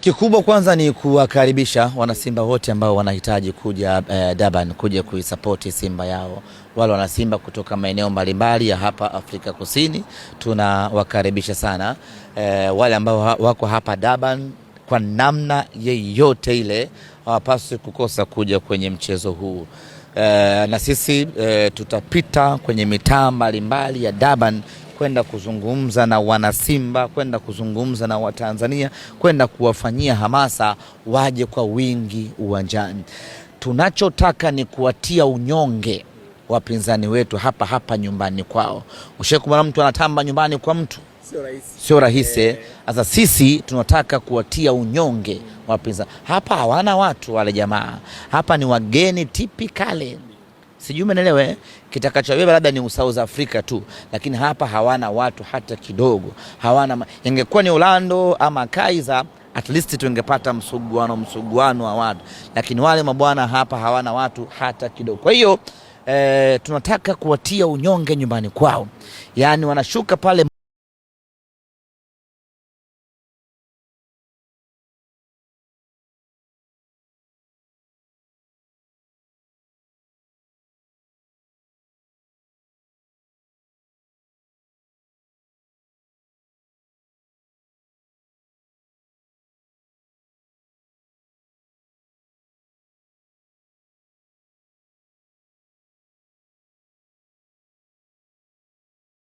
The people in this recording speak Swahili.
Kikubwa kwanza ni kuwakaribisha wanasimba wote ambao wanahitaji kuja eh, Durban kuja kuisapoti Simba yao. Wale wanasimba kutoka maeneo mbalimbali ya hapa Afrika Kusini tunawakaribisha sana eh, wale ambao wako hapa Durban kwa namna yeyote ile hawapaswi kukosa kuja kwenye mchezo huu. Eh, na sisi eh, tutapita kwenye mitaa mbalimbali ya Durban kwenda kuzungumza na wanasimba, kwenda kuzungumza na Watanzania, kwenda kuwafanyia hamasa waje kwa wingi uwanjani. Tunachotaka ni kuwatia unyonge wapinzani wetu hapa hapa nyumbani kwao. Ushakumwona mtu anatamba nyumbani kwa mtu? Sio rahisi, sio rahisi. Eh. Eh? Sasa sisi tunataka kuwatia unyonge wapinzani hapa. Hawana watu wale jamaa hapa, ni wageni tipikale sijui umeelewa. Eh? Kitakachobeba labda ni South Africa tu, lakini hapa hawana watu hata kidogo, hawana. Ingekuwa ni Orlando ama Kaiser, at least tungepata msuguano msuguano wa watu, lakini wale mabwana hapa hawana watu hata kidogo. Kwa hiyo eh, tunataka kuwatia unyonge nyumbani kwao, yaani wanashuka pale